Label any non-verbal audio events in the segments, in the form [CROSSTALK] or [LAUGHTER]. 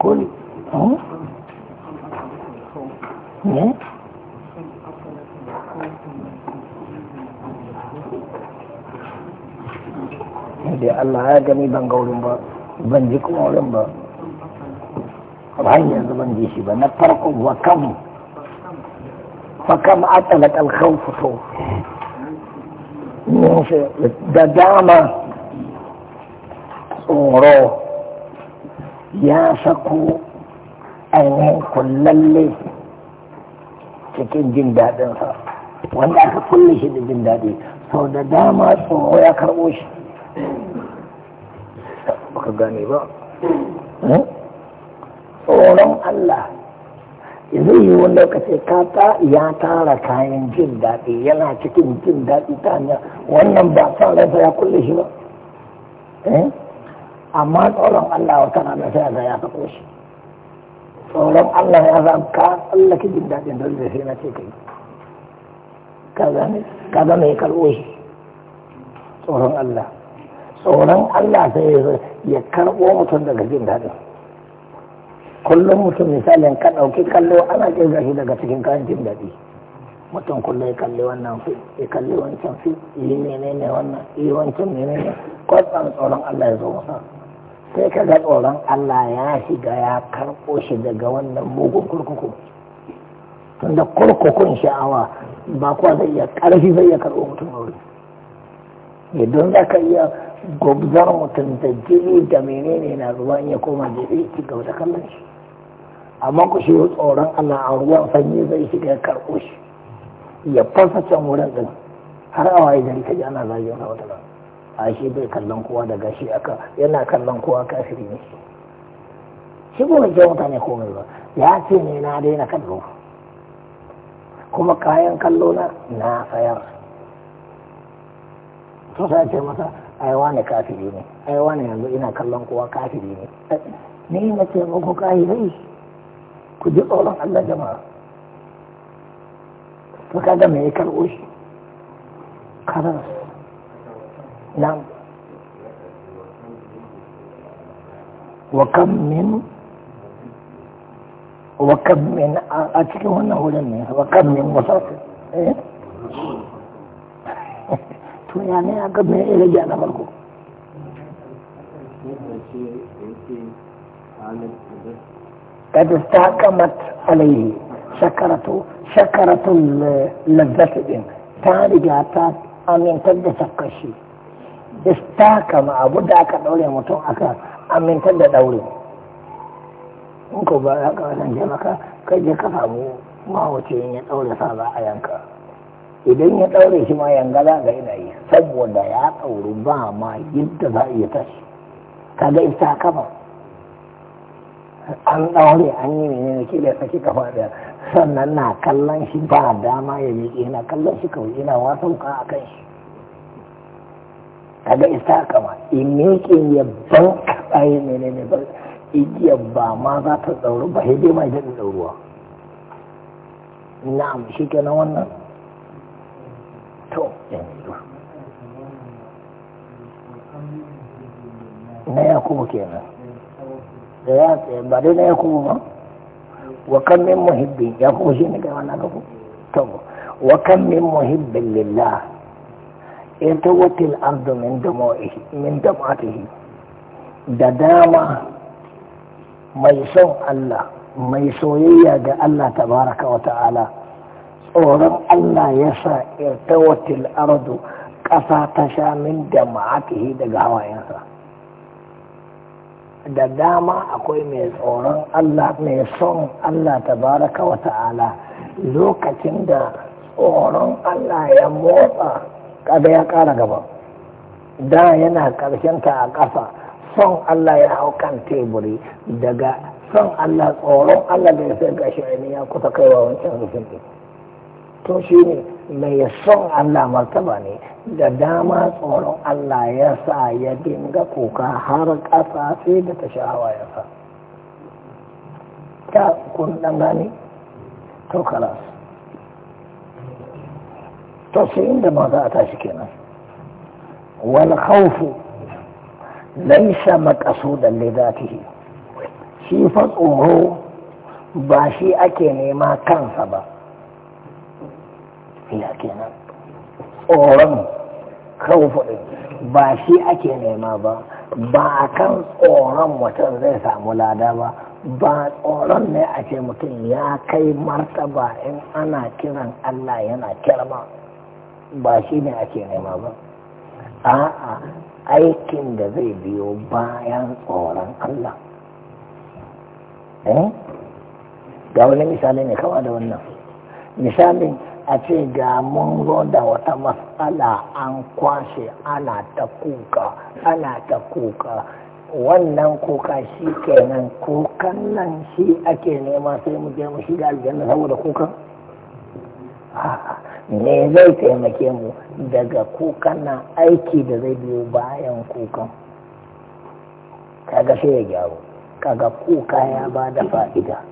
كل ها دي الله ادمي بانغولم با بانجيكو مولم با وهي زمان دي شي بنا فرق وكم فكم اتلك الخوف خوف نوشه نعم دداما صورو ya sako ainihin kullalle cikin jin daɗinsa wanda aka kulle shi da jin daɗi sau da dama tsoro ya karɓo shi baka gane ba hmm? tsoron Allah yanzu yi wani lokaci kata ya tara kayan jin daɗi yana cikin jin daɗi ta hanyar wannan ba sa ransa ya kulle shi ba hmm? amma tsoron Allah wa kana da sai ga ya sako shi tsoron Allah ya zan ka ki jin daɗin don zai sai na ce kai kaza ne kaza ne karɓo shi tsoron Allah tsoron Allah sai ya karɓo mutum daga jin daɗin kullum mutum misalin ka ɗauki kallo ana ke gashi daga cikin kayan jin daɗi mutum kullum ya kalli wannan fi ya kalli wancan fi yi menene wannan yi wancan menene kwatsan tsoron Allah ya zo masa sai ka ga tsoron Allah ya shiga ya karɓo shi daga wannan mugun kurkuku tun da kurkukun sha'awa ba kuwa zai iya ƙarfi zai iya karɓo mutum wuri idan za ka iya gobzar mutum da jini da menene na in ya koma da zai ci gaba da kallon shi amma ku shi tsoron Allah a ruwan sanyi zai shiga ya karɓo shi ya fasa can wurin din har awa idan ka ji ana zagin wata a shi bai kallon kowa daga shi aka yana kallon kowa kafiri ne shi kuma ke mutane komai ba ya ce ne na daina kallo kuma kayan kallo na na sayar to sai ce masa ai wani kafiri ne ai wani yanzu ina kallon kowa kafiri ne ni na ce muku kafirai ku ji tsoron Allah jama'a to kaga me ya karɓo shi karansa نعم وكم من وكم من أتكلم أنه هو لن وكم من مسافر إيه؟ [LAUGHS] يعني أقب من إلى جانا بلقو قد استحكمت عليه شكرته شكرته اللذة تاني جاتات أمين تبدأ تقشي istaka ma abu da aka daure mutum aka amintar da daure in ko ba haka nan jama'a kai je ka samu wuce in ya daure sa ba a yanka idan ya daure shi ma za ga ina yi saboda ya dauri ba ma yadda za a iya tashi ga ita kafa an daure an yi menene kila saki kafa da sannan na kallon shi ba dama ya miƙe na kallon shi kawai ina wasan ka kan shi kaga isa kama imikin ya banka tsaye ne ne ne ba igiya ba ma za ta tsauru ba sai dai mai daɗin tsauruwa na'am ke kenan wannan to yanzu na yakubu kenan da ya tsaye ba dai na kuma ba wa kan min muhibbin kuma shi ne ga wannan ku? to wa kan min muhibbin lillah ita watil ardu min min da dama mai son Allah mai soyayya ga Allah tabaraka wa ta'ala tsoron Allah ya sa irtawatil ardu ƙasa ta sha min da daga hawayensa da dama akwai mai tsoron Allah mai son Allah tabaraka wa ta'ala lokacin da tsoron Allah ya motsa kada ya kara gaba da yana ta a ƙasa son Allah ya hau kan teburi daga son Allah tsoron Allah da ya sai gashi ya kusa kaiwa wancan rufin ɗin to shi ne mai son Allah martaba ne da dama tsoron Allah ya sa ya dinga kuka har ƙasa sai da ta sha'awa ya sa ta kun ɗan to kalas to sai inda ma za a tashi kenan wal khawfu laisa maqsudan li dhatihi shi fa tsoro ba shi ake nema kansa ba ya kenan tsoron khawfu ba shi ake nema ba ba a kan tsoron mutum zai samu lada ba ba tsoron ne a ce mutum ya kai martaba in ana kiran Allah yana kirma. ba shi ne ake nema ba a'a aikin da zai biyo bayan tsoron Allah eh ga wani misali ne kawai da wannan misali a ce ga mun zo da wata matsala an kwashe ana ta kuka ana ta kuka wannan kuka shi kenan kukan nan shi ake nema sai mu je mu shiga aljanna saboda kukan a'a me zai taimake mu daga kukan nan aiki da zai biyo bayan kukan kaga sai ya gyaru kaga kuka ya ba da fa'ida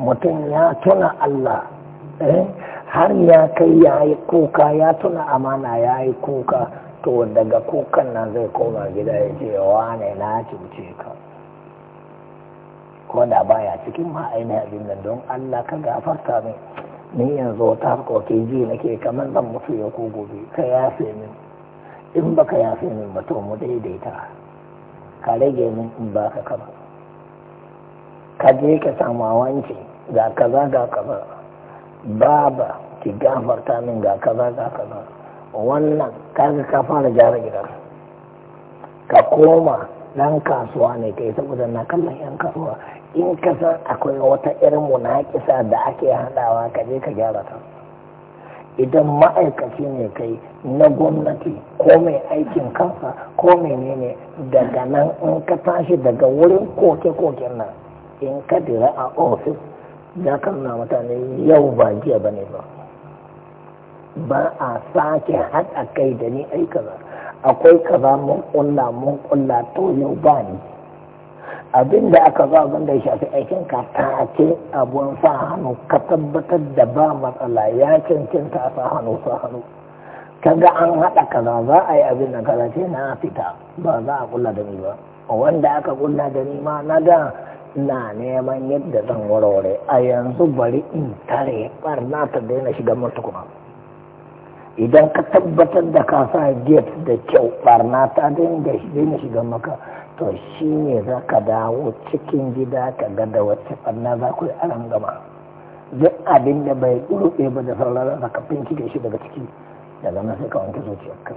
mutum ya tuna Allah eh? har ya kai ya yi kuka ya tuna amana ya yi kuka to daga kukan nan zai koma gida ya ce wane na cuce ka ko da baya cikin ma'aini abin nan don Allah ka gafarta mai ni yanzu wata harkokin ji nake kamar zan mutu ya ko gobe ka yafe min in baka yafe min ba to mu daidaita ka rage min in ba ka kaba ka je ka samu wanci ga kaza ga kaza baba ki gafarta min ga kaza ga kaza wannan ga ka fara gyara gidan ka koma dan kasuwa ne kai saboda na kallon yan kasuwa in ka san akwai wata irin munakisa da ake hadawa ka je ka gyara ta idan ma'aikaci ne kai na gwamnati ko mai aikin kansa ko menene daga nan in ka tashi daga wurin koke-koken nan in ka dira a ofis ya kanna mutane yau ba jiya ba ne ba ba a sake haɗa kai da ni ai kaza akwai kaza mun ƙulla mun ƙulla to yau ba ni abin da aka zo abin da ya shafi aikin ka abun sa hannu ka tabbatar da ba matsala ya cancanta a sa hannu sa hannu kaga an haɗa kaza za a yi abin da kaza ce na fita ba za a kulla da ni ba wanda aka kulla da ni ma na da na neman yadda zan warware a yanzu bari in tare na ta daina shiga mutu kuma idan ka tabbatar da ka sa gate da kyau barna ta daina shiga maka to shi ne za ka dawo cikin gida ka ga da wacce ɓanna za ku yi aran gama duk abin da bai ɗurɓe ba da sauran za ka da shi daga ciki daga zama sai ka wanke zuciyarka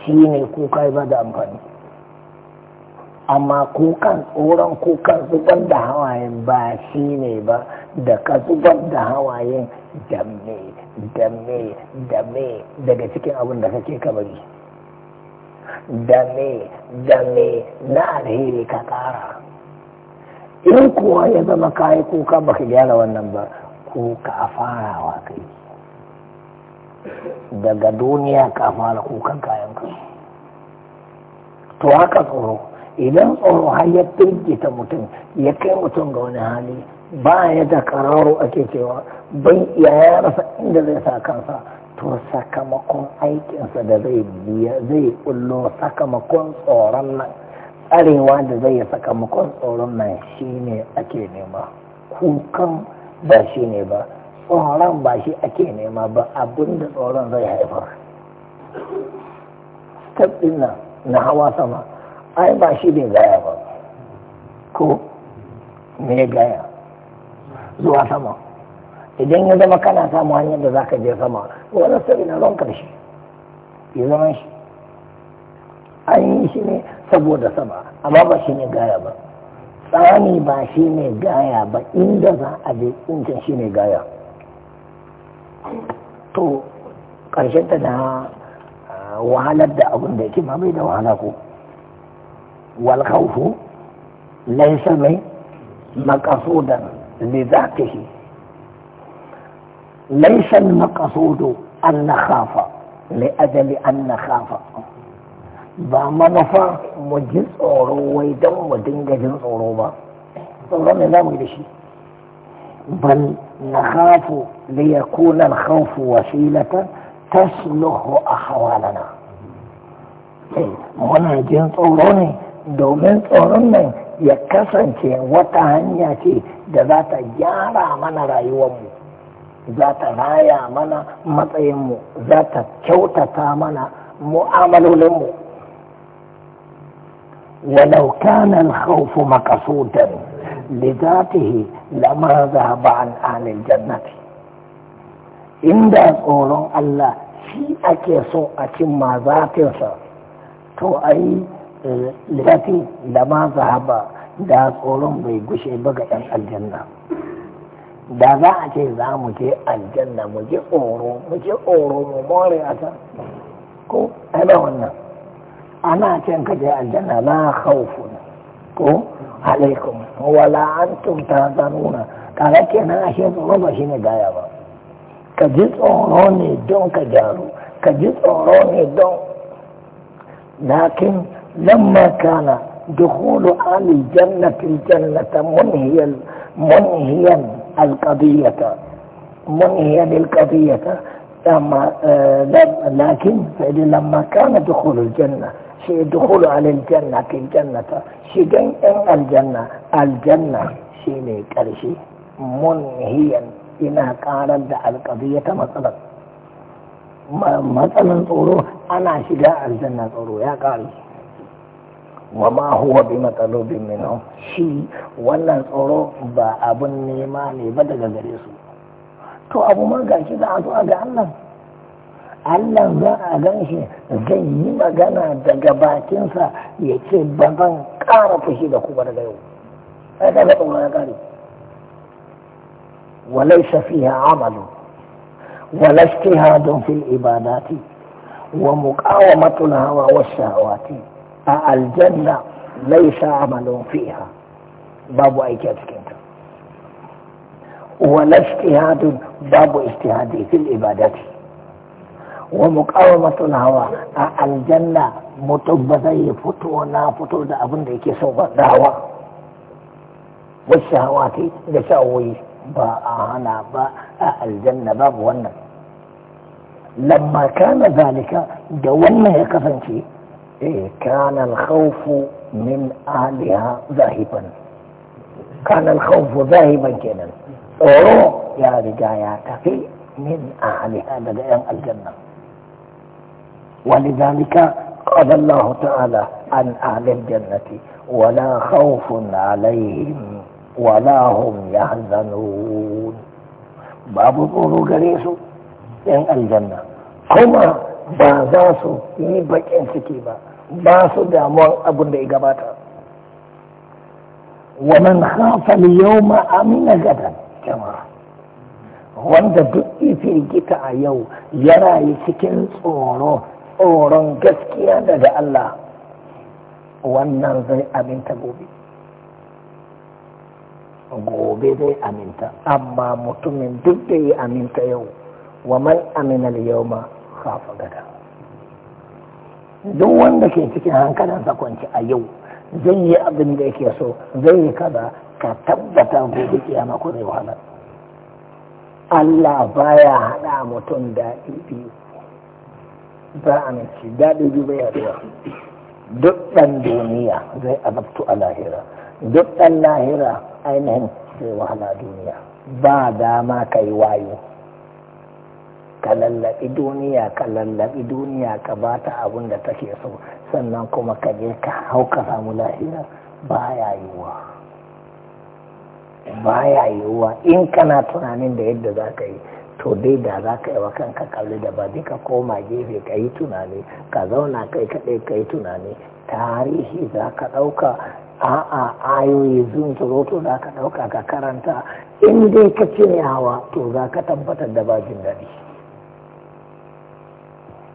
shi ne kuka ba da amfani amma kukan tsoron kukan zubar da hawayen ba shi ne ba da ka zubar da hawayen da me da daga cikin abin da kake ka bari da me da me na alheri ka kara in kuwa ya zama kayi kuka baka gyara wannan ba kuka a farawa kai daga duniya ka fara kukan kayan ka to haka tsoro idan tsoro har ya ta mutum ya kai mutum ga wani hali ba ya da kararo ake cewa bai iya ya rasa inda zai sa kansa to sakamakon aikinsa da zai biya zai kullo sakamakon tsoron nan arewa da zai yi sakamakon tsoron nan shine ake nema kukan ba shi ne ba tsoron ba shi ake nema ba abinda tsoron zai haifar step nan na hawa sama ai ba shi ne gaya ba ko me gaya zuwa sama idan ya zama kana samu hanyar da zaka je sama wani sabi na ron karshe ya zama shi an yi shi ne saboda sama amma ba shi ne gaya ba tsani ba shi ne gaya ba inda za a je incan shi ne gaya to ƙarshenta ta na wahalar da abin da yake ba bai da wahala ko wal khawfu laysa mai maqsudan li ليس المقصود أن نخاف لأجل أن نخاف ba manufa mu ji tsoro wai don mu dinga jin tsoro ba tsoron ne za mu yi da shi bal na hafu da ya kuna haufu wasilata ta sulhu a hawalana muna jin tsoro ne domin tsoron nan ya kasance wata hanya ce da za ta gyara mana rayuwarmu zata raya mana matsayinmu za ta kyautata mana mu'amalolinmu walau kana al-khawfu maqsudan li dhatihi lama dhahaba an ahli jannati inda tsoron Allah shi ake so a cimma zatinsa to ai eh, lati lama zahaba da tsoron bai gushe ba ga 'yan aljanna da za a ce za mu je aljanna mu je oro mu je oro mu more a can ko ana wannan ana cin ka je aljanna la khawfu ko alaikum wa la antum tazaruna kaga kenan shi tsoro ba shine gaya ba ka ji tsoro ne don ka gyaru ka ji tsoro ne don lakin lamma kana دخول آل الجنة الجنة منهيا منهيا القضية منهيا للقضية لما آه، لكن لما كان دخول الجنة شيء دخول على الجنة الجنة شيئين إن الجنة الجنة شيء كرشي منهيا إنها قارن القضية مثلا مثلا طوره أنا شجاع الجنة طوره يا قارشي wa ma huwa bi matsalobin minhum shi wannan tsoro ba abun nema ne ba daga gare su to abu ma gashi za a zo ga Allah Allah za a gan shi zai yi magana daga bakinsa ya ce ba zan ƙara fushi da kuma daga yau sai ka ga tsoro ya kare walai fiha amalu wala fil ibadati wa muqawamatul hawa wash shahawati الجنة ليس عمل فيها باب ايجاد كنت ولا اجتهاد باب اجتهاد في العبادة ومقاومة الهوى الجنة فتوة فتونا فتوة دا أبن ديكي سوف دعوة والشهوات هنا با الجنة باب ونن لما كان ذلك جوانا يكفن شيء إيه كان الخوف من أهلها ذاهبا كان الخوف ذاهبا كنا tsoro يا riga ya tafi min ahliha daga ولذلك قال الله تعالى عن أهل الجنة ولا خوف عليهم ولا هم يحزنون باب طول قريس إيه الجنة كما بازاسو يبقى إيه انسكي بقى ba su damuwa abin da ya gabata wa man khafa al-yawma amina gada jama'a wanda duk gita a yau ya rayu cikin tsoro tsoron gaskiya daga Allah wannan zai aminta gobe gobe zai aminta amma mutumin duk da ya aminta yau waman man aminal yau ma hafa gada duk wanda ke cikin hankalinsa kwanci a yau zai yi abin da yake so zai yi kaza ka tabbata gobe kiyama ko zai wahala Allah baya hada mutum da ibi ba a mace daɗi biyu bai yaduwa duk ɗan duniya zai azabtu a lahira duk ɗan lahira ainihin zai wahala duniya ba dama ka yi wayo ka lallabi duniya ka lallabi duniya ka ba ta abin da take so sannan kuma ka je ka hau ka samu lahira baya yiwuwa yiwuwa in kana tunanin da yadda za ka yi to dai da za ka yi wa kanka kalli da ba ka koma gefe ka yi tunani ka zauna kai kaɗai ka yi tunani tarihi za ka ɗauka a'a ayoyi zun turoto za ka ɗauka ka karanta in dai ka cire hawa to za ka tabbatar da bajin daɗi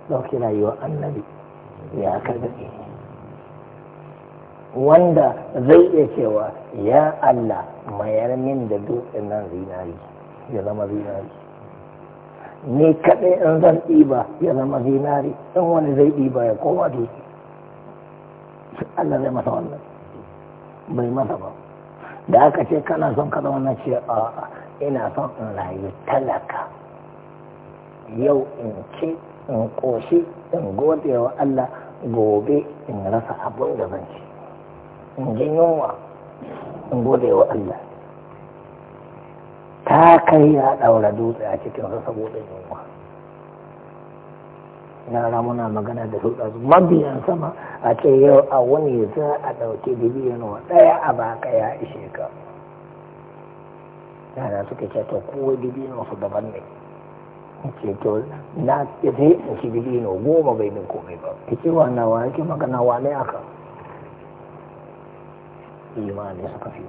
ɗauki rayuwar annabi ya karɓi wanda zai iya cewa ya Allah mayar min da dutsen nan zinari ya zama zinari ne kaɗai in zan ɗiba ya zama zinari in wani zai ɗiba ya koma dutse Allah zai masa wannan bai masa ba da aka ce kana son ka zama na ce a'a ina son in rayu talaka yau in ce in ƙoshi in gode wa Allah gobe in rasa abin da zan ci in ji yunwa in gode wa Allah ta kai ya ɗaura dutse a cikin rasa buɗin yunwa yara muna magana da su ɗazu mabiyan sama a ce yau a wani za a ɗauki bibiyan wa ɗaya a baka ya ishe ka yara suka ce ta kowai bibiyan wasu daban ne ke to na ce sai in ci dibino goma bai min komai ba ki ce wa wa ki maka wa ne aka imani suka fi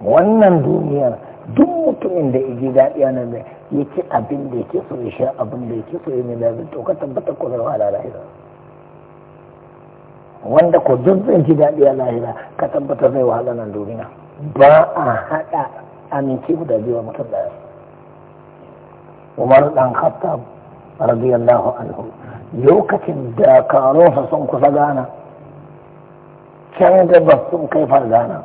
wannan duniyar duk mutumin da yake daɗi ana nan ya ci abin da yake so ya sha abin da yake so ya ne da to ka tabbata ko zai wahala lahira wanda ko duk zai ji daɗi a lahira ka tabbata zai wahala nan duniya ba a haɗa amince guda biyu a mutum daya umar dan khattab radiyallahu anhu lokacin da sa sun kusa gana can gabas sun kai fargana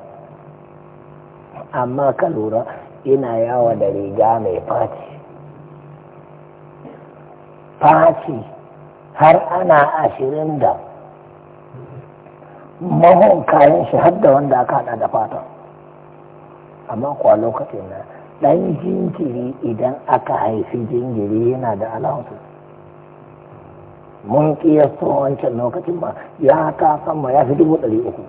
amma ka lura ina yawa da riga mai faci faci har ana ashirin da mahon kayan shi har da wanda aka hada da fata amma kuwa lokacin na ɗan jinkiri idan aka haifi jinkiri yana da alamu mun kiyasta wancan lokacin ba ya ka sama ya fi dubu ɗari uku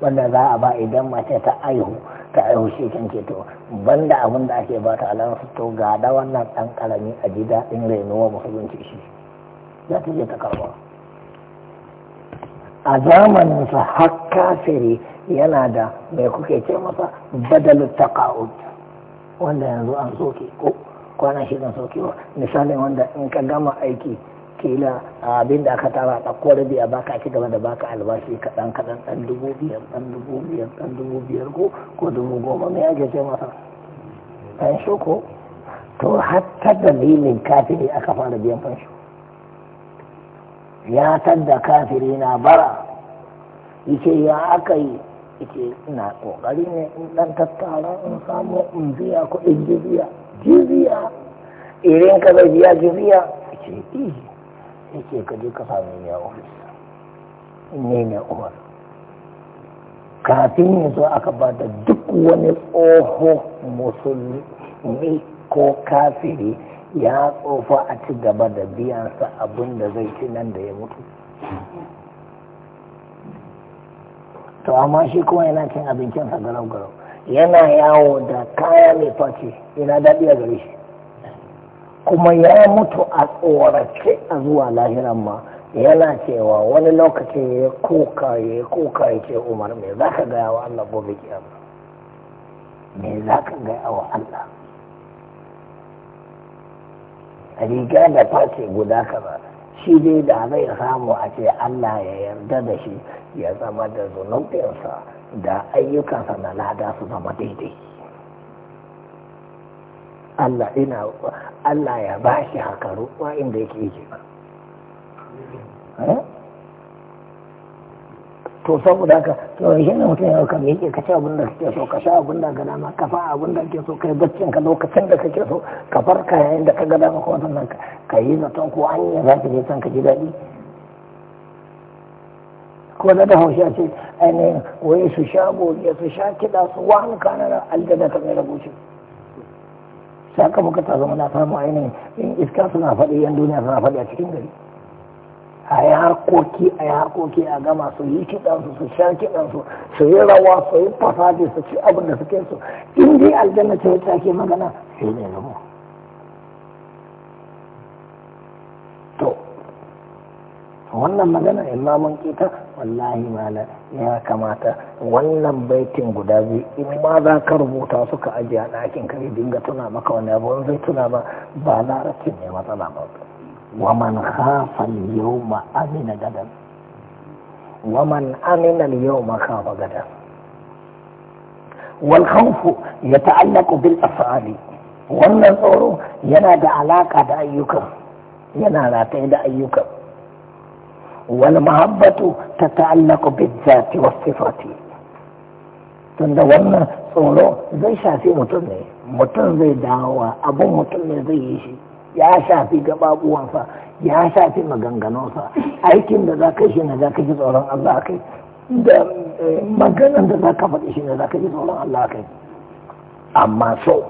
wanda za a ba idan mace ta aihu ta aihu shi kan ke to banda abin da ake ba ta alamu to ga da wannan ɗan ƙarami a ji daɗin rainuwa musulunci shi za ta je ta karɓa a zamaninsa har kafiri yana da mai kuke ce masa badalin taƙa'ud wanda yanzu an soke ko kwana shidan sokewa misalin wanda in ka gama aiki kila abin da aka tara ɗauko rabi a baka ci gaba da baka albashi kadan-kadan, ɗan dubu biyar ɗan dubu biyar ɗan dubu biyar ko ko dubu goma me ake ce masa ɗan ko to hatta dalilin kafiri aka fara biyan fansho ya tadda kafiri na bara yace ya aka yi yake ina kokari ne in dan tattara in samu in biya kuɗin jiziya jiziya irin ka zai biya jiziya yake iya eh. yake ka je ka sami ne a ofis ne ne umar kafin ne zo aka ba da duk wani tsoho musulmi ko kafiri ya tsofa a ci gaba da biyansa abin da zai ci nan da ya mutu to amma shi kuma yana cin abincinsa garau garau yana yawo da kaya mai face yana daɗi a gare shi kuma ya mutu a tsorace a zuwa lahiran ma yana cewa wani lokaci ya kuka ya kuka ya ce umar me za ka gaya wa Allah gobe kiyama me za ka gaya wa Allah riga da face guda kaza shi ne da zai samu a ce Allah ya yarda da shi ya zama da zunubinsa da ayyukansa na lada su zama daidai Allah ya ba shi haka ruwa inda yake yake ba eh? to saboda haka to shi ne mutum ya kan miƙe ka ci abin da kake so ka sha abin da gana ma ka fa abin da kake so kai baccin ka lokacin da kake so ka farka yayin da ka ga dama ko wannan ka ka yi zaton ko an yi za ka je san ka ji daɗi ko na da haushi a ce ainihin wai su sha goge su sha kiɗa su wani da aljada ta mai rabuci sakamakon ta zama na samu ainihin in iska suna faɗi yan duniya suna faɗi a cikin gari a yi harkoki a yi harkoki a gama su yi kiɗansu su sha kiɗansu su yi rawa su yi fasaje su ci abin da suke so in dai aljanna ce wacce ake magana sai ne rabo to wannan magana imamun kita wallahi mala ya kamata wannan baitin guda biyu in ma za ka rubuta suka ajiye a ɗakin ka dinga tuna maka wani abu zai tuna ba ba larabcin ne matsala ba ومن خاف اليوم أمن غدا ومن أمن اليوم خاف غدا والخوف يتعلق بالأفعال والنظر ينادى على علاقة دعيك ينادى دعيك والمحبة تتعلق بالذات والصفات tunda wannan tsoro zai shafi mutum ne mutum zai dawo ya shafi gababuwansa ya shafi maganganunsa aikin da za ka shi ne za ka ji tsoron Allah kai da eh, maganan da za ka faɗi shi ne za ka ji tsoron Allah kai amma so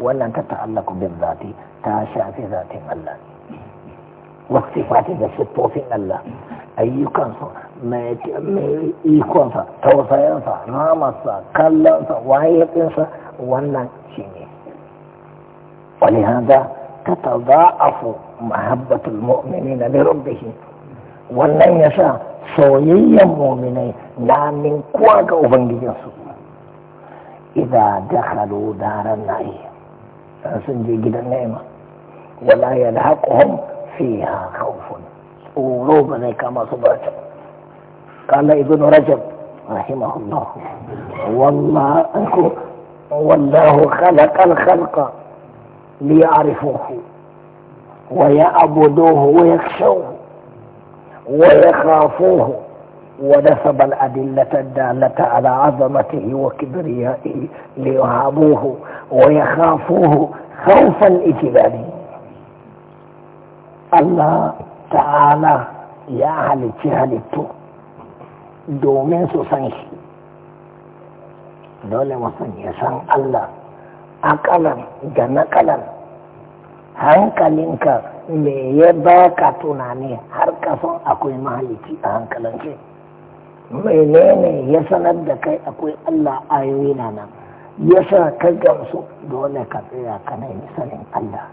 wannan ta ta'allaku bin zati ta shafi zatin Allah wasu fati da siffofin Allah ayyukansu mai ikonsa tausayansa namarsa kallonsa wayatsinsa wannan shi ne wani hada تتضاعف محبة المؤمنين لربهم wannan ya sa soyayyen muminai na ninkuwa ga ubangijinsu idan dakhalu daren na'i sun je gidan nema wala ya da haƙon fiha khawfun tsoro ba zai kama su ba ta kala ibn rajab rahimahullah wallahu wallahu khalaqal khalqa ليعرفوه ويعبدوه ويخشوه ويخافوه ونسب الأدلة الدالة على عظمته وكبريائه ليهابوه ويخافوه خوفا إجباري الله تعالى يا أهل halittu domin su san shi dole الله A akalan da nakalan hankalinka me ya ka tunani har kafin akwai mahaliki a hankalance menene ya sanar da kai akwai Allah ayoyi na nan ya sa ka gamsu dole ka tsaya ka nemi sanin Allah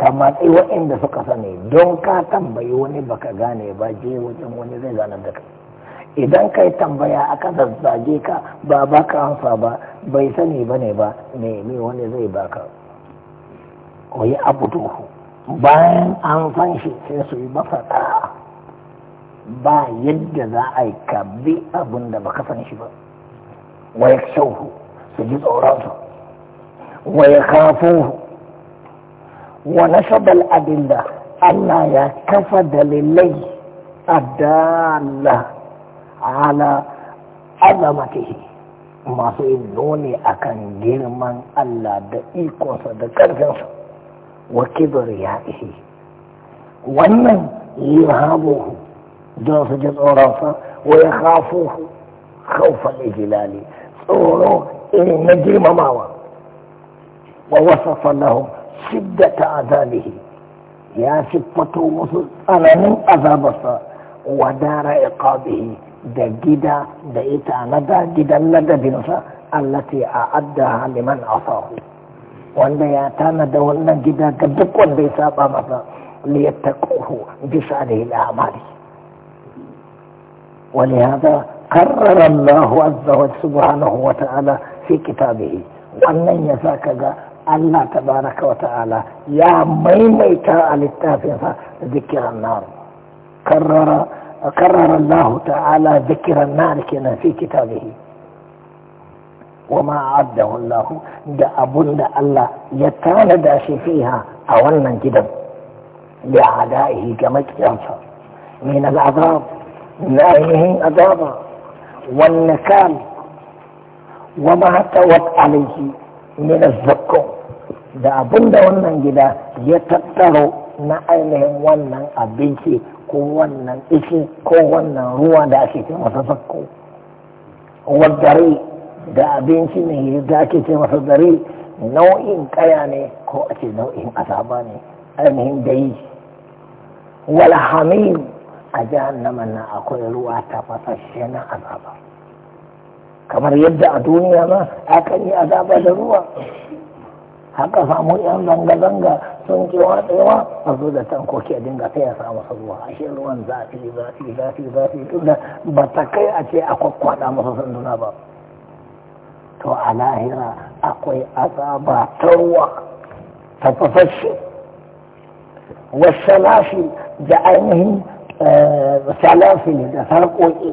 kamar waɗanda suka sani don ka tambayi wani baka gane ba je wajen wani zai zanar da kai idan kai tambaya aka zazzage ka ba baka amsa ba bai sani ba ne ba nemi wani zai baka koyi abu duhu bayan an san shi sai su yi masa ba yadda za a yi kabi abin da baka san shi ba waya shauhu su ji tsoronsu waya kafuhu wa nashabal adilla Allah ya kafa dalilai a adalla على عظمته ما في دوني أكن جرمان ألا دقيق وصد كرفص وكبر يائه ومن يرهابه جنس جد أراسا ويخافوه خوف الإجلال صوروا إن نجرم ماوى ووصف لهم شدة عذابه يا شفته مصر أنا من أذابه ودار إقابه دجدا دئتا ندى جدا ندى بنفا التي أعدها لمن عصاه وأن يأتانا دولنا جدا قدك وأن يسابا مفا ليتقوه بصالح الأعمال ولهذا قرر الله عز وجل سبحانه وتعالى في كتابه وأن يساك الله تبارك وتعالى يا ميميتا التافه ذكر النار قرر فكرر الله تعالى ذكر مالكنا في كتابه وما عده الله دا أبن الله يتاند شي فيها أولا جدا لأعدائه كما ينصر من العذاب نائهم عذابا والنكال وما توت عليه من الزكوم دا أبن ده ونن جدا يتطروا نائهم ونن أبنتي ko wannan ishi ko wannan ruwa da ake ce masa sakko wadare da abinci ne da ake ce masa dare nau'in kaya ne ko a ce nau'in azaba ne ainihin dai yi. Walhamin a jahannama na akwai ruwa ta tafasashe na azaba kamar yadda a duniya ma akan yi azaba da ruwa haka samu yan zanga-zanga sun ke watsewa a zo da tankoki a dinga ta ya samu su ruwa ashe ruwan zafi zafi zafi zafi da ba ta kai a ce a kwakwada masu sanduna ba to a lahira akwai azaba ta ruwa ta fasashe lafi da ainihin eh, salafi da sarƙoƙi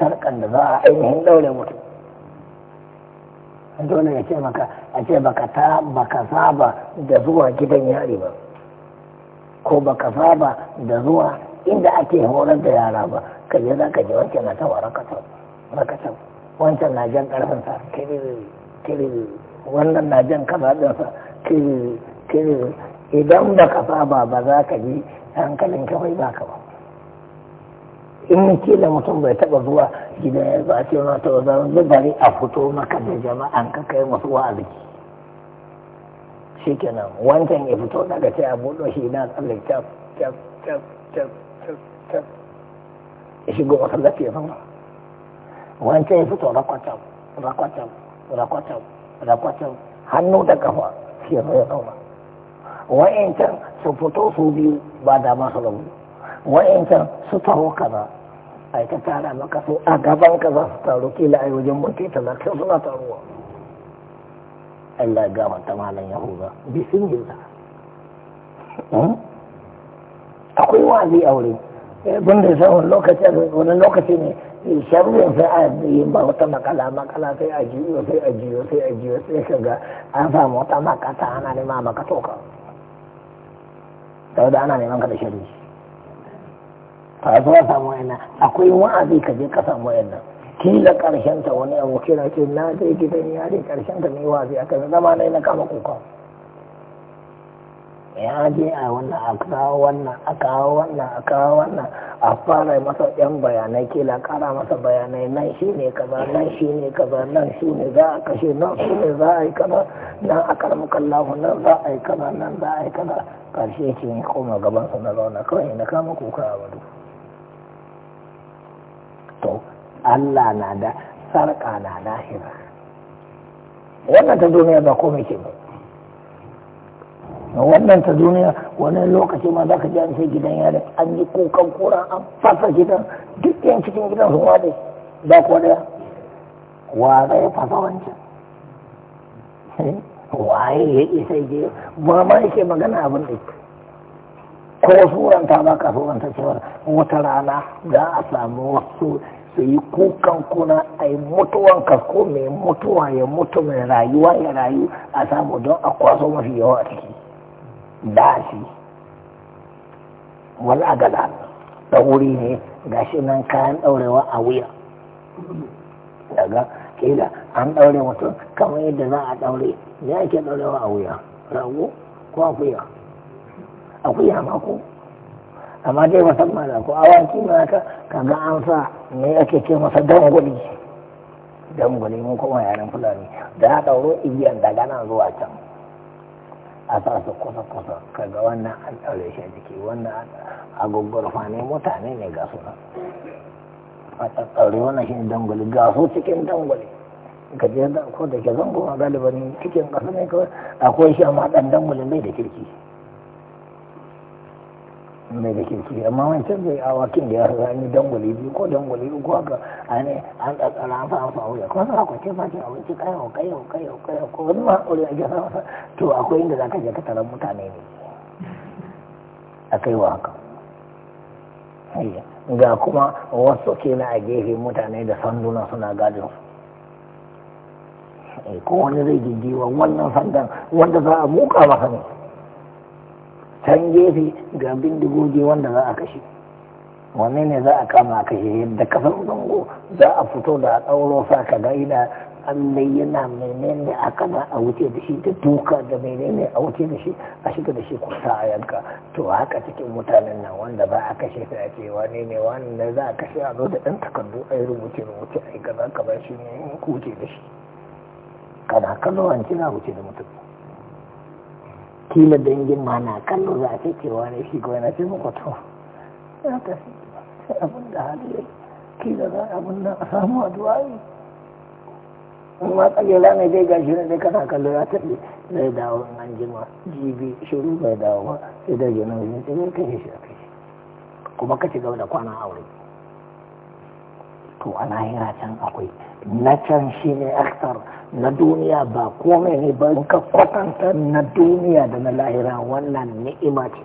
sarƙan da za a ainihin ɗaure mutum dole ya ce maka a ce baka ta baka saba da zuwa gidan yari ba ko baka saba da zuwa inda ake horar da yara ba ka je za ka je wancan na tawa rakatan wancan na jan karfinsa kiri wannan na jan kiri kiri idan baka saba ba za ka ji hankalin kawai baka ba in kila mutum bai taba zuwa gida ya zace na ta wazan zagari a fito maka da jama'an ka kai masu wa'azi shi kenan wancan ya fito daga ce a buɗo shi na tsalle cap cap cap cap cap ya shigo masallaci lafiya zama wancan ya fito rakwatam rakwatam rakwatam rakwatam hannu da kafa shi ya zama zauna wa'incan su fito su biyu ba da masu rabu wa'incan su taho kaza ai ka tara maka so a gaban ka za su taru kila ai wajen mutum talatin suna taruwa Allah ya gama ta malam Yahuza bismillah hmm? akwai wani wuri. Eh, ban da sa wani lokaci wani lokaci ne sharrin sai a yi ba wata makala makala sai a jiyo sai a jiyo sai a jiyo sai ka ga an samu wata makata ana neman maka toka saboda ana neman ka da sharri ka zo samu yana akwai wa'azi ka je ka samu yana kila karshen ta wani abu kira ce na je gidan yare karshen ta ne wa'azi aka kan zama na na kama kuka ya je a wannan a kawo wannan a kawo wannan a kawo wannan a fara masa yan bayanai kila kara masa bayanai nan shi ne kaza nan shi ne kaza nan shi ne za a kashe nan shi ne za a yi kaza nan a karmukan lahu nan za a yi kaza nan za a yi kaza karshe ce ne koma gabansa na zauna kawai na kama kuka a wadu to Allah na da sarƙa na lahira wannan ta duniya ba komai ke ba wannan ta duniya wani lokaci ma za ka ji an sai gidan yare an yi kukan kura an fasa gidan duk yan cikin gidan sun dai ba kuwa daya wa zai fasa wancan eh, waye ya isa je ba ma yake magana abin da ko suranta ba ka suranta cewar wata rana za a samu wasu su yi kukan kuna a yi mutuwan kasko mai mutuwa ya mutu mai rayuwa ya rayu a samu don a kwaso mafi yawa a ciki da shi wani gada da wuri ne ga shi nan kayan daurewa a wuya daga kila an daure mutum kamar yadda za a daure ne ake daurewa a wuya rago ko akuya akwai hamako amma dai musamman da ko awaki ma ka kaga an sa me ake ce masa dangwali dangwali mun kuma yaren fulani da ya dauro igiyan daga nan zuwa can a sa su kusa kusa kaga wannan an ɗaure shi a jiki wannan agogorfa ne mutane ne ga suna a ɗaure wannan shi dangwali ga su cikin dangwali ka je da ko da ke zango a galibin cikin ƙasa ne kawai akwai shi amma dan dangwalin bai da kirki ne da kirki amma wancan zai awakin da ya haɗa an yi dangwale biyu ko dangwale uku haka a ne an tsatsara an fa'a fa'a wuya kuma sa kwace ce abinci kayo kayan kayo kayan ko wani ma aure a gyara masa to akwai inda za ka je ka taron mutane ne a kai wa haka ga kuma wasu ke na a gefe mutane da sanduna suna gadin su eh, ko wani zai gindi wa wannan sandan wanda za a muka masa ne can gefe ga bindigogi wanda za a kashe wanne ne za a kama a kashe yadda kasar zango za a fito da a ɗauro sa ka gaida ina allai menene a kana a wuce da shi da duka da menene a wuce da shi a shiga da shi kusa a yanka to haka cikin mutanen nan wanda ba a kashe ta a ce wane ne wanda za a kashe a zo da ɗan takardu a yi rubuce rubuce a yi kaza kaza shi ne kuce da shi kana kallon an wuce da mutum kila dangin ma na kallo za ta cewa ne shi kawai na ce muku to ya tafi sai abin da hali ya kila za abin da a samu a duwayi in ma tsagela ne zai gashi na dai kana kallo ya tafi zai dawo in an ma jibi shiru bai dawo ba sai da gina wajen tsaye kai shi a kai kuma ka ci gaba da kwana aure to a lahira can akwai na can shi ne aktar na duniya ba komai ne ba ka kwatanta na duniya da na lahira wannan ni'ima ce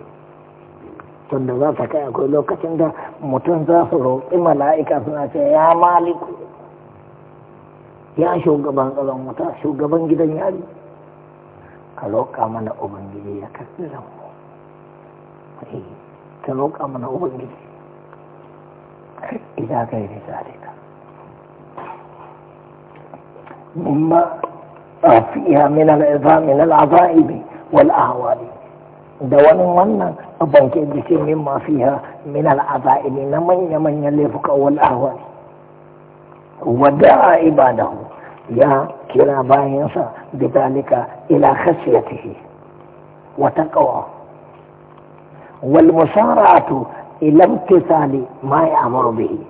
tunda za ta kai akwai lokacin da mutum za su roƙi mala'ika suna ce ya maliku ya shugaban tsaron wuta shugaban gidan yari ka roƙa mana ubangiji ya karɓi mu. Eh, ka roƙa mana ubangiji idan ka yi misali مما فيها من العظام من العظائم والأهوال da wani wannan abin ke jike min mafiya min al'aza'ili na manya-manyan laifuka wal ahwal wada'a ibadahu ya kira bayansa da dalika ila khasiyatihi wa taqwa wal musara'atu ila imtithali ma ya'muru bihi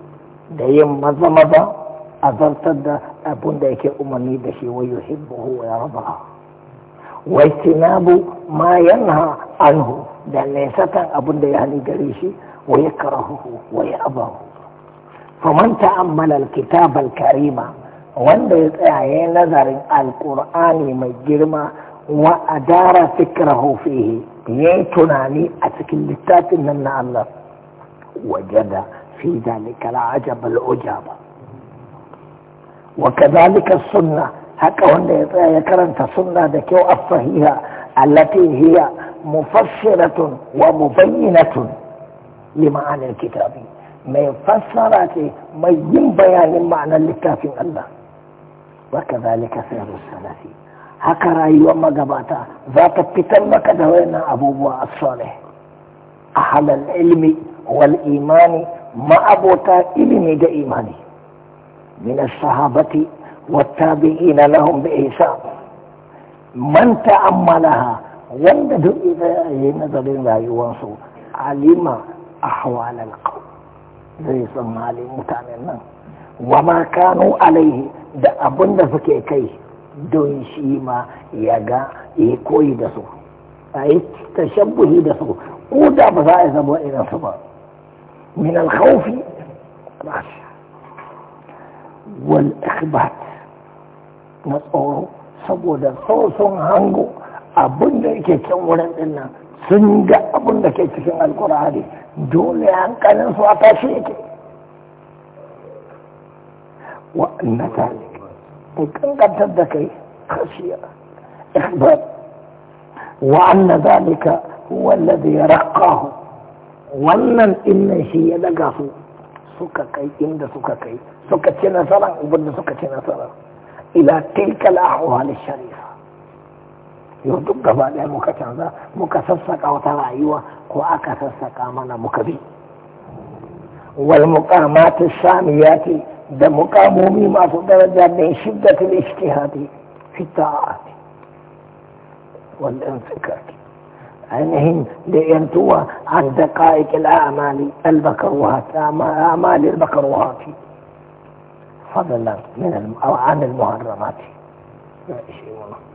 da yin maza maza a zartar da abin da yake umarni da shi wa yuhibbuhu wa yarda wa istinabu ma yanha anhu da nesatan abin da ya hani gare shi wa yakrahuhu wa yabahu faman ta'ammala alkitab alkarima wanda ya tsaya ya nazarin alqur'ani mai girma wa adara fikrahu fihi yayi tunani a cikin littafin nan na Allah wajada fi dalika al'ajab al'ujaba وكذلك السنة هكا وند يكرنت سنة دكيو الصحيحة التي هي مفسرة ومبينة لمعاني الكتاب ما فسرت ما بيان معنى الكتاب الله وكذلك سير السلف هكا رأيوا قبعت ذات التتم كدوين أبو الصالح أحلى العلم والإيمان ما أبوتا إلمي دا إيماني من الصحابة والتابعين لهم بإحسان من تأملها وندد إذا نظر لا يوانسو علم أحوال القوم زي صنع لي وما كانوا عليه da abin da suke kai don shi ma ya ga ya koyi da su a yi tashabbuhi da su ko da ba za a zama irin su ba min alkhawfi ba والإخبات نصوره سبودا صوصون هنغو أبندا كيكيان ورندنا سنجا أبندا كيكيان القرآن دولي هنكان سواتا شيكي وأن ذلك تكن قد تدكي خشية إخبار وأن ذلك هو الذي رقاه وأن إنه يدقه سككي إن سككي سكتين أثرا وبدنا سكتين أثرا إلى تلك الأحوال الشريفة يهدوك قبالها مكتن ذا مكسسك أو ترى أيوة وأكسسك أمانا مكبي والمقامات الشاميات ده مقامو مما فدر من شدة الاجتهاد في الطاعات والانفكاك أنهم لينتوى عن دقائق الأعمال البكروهات أعمال البكروهات فضلا من أو عن المهرمات لا شيء والله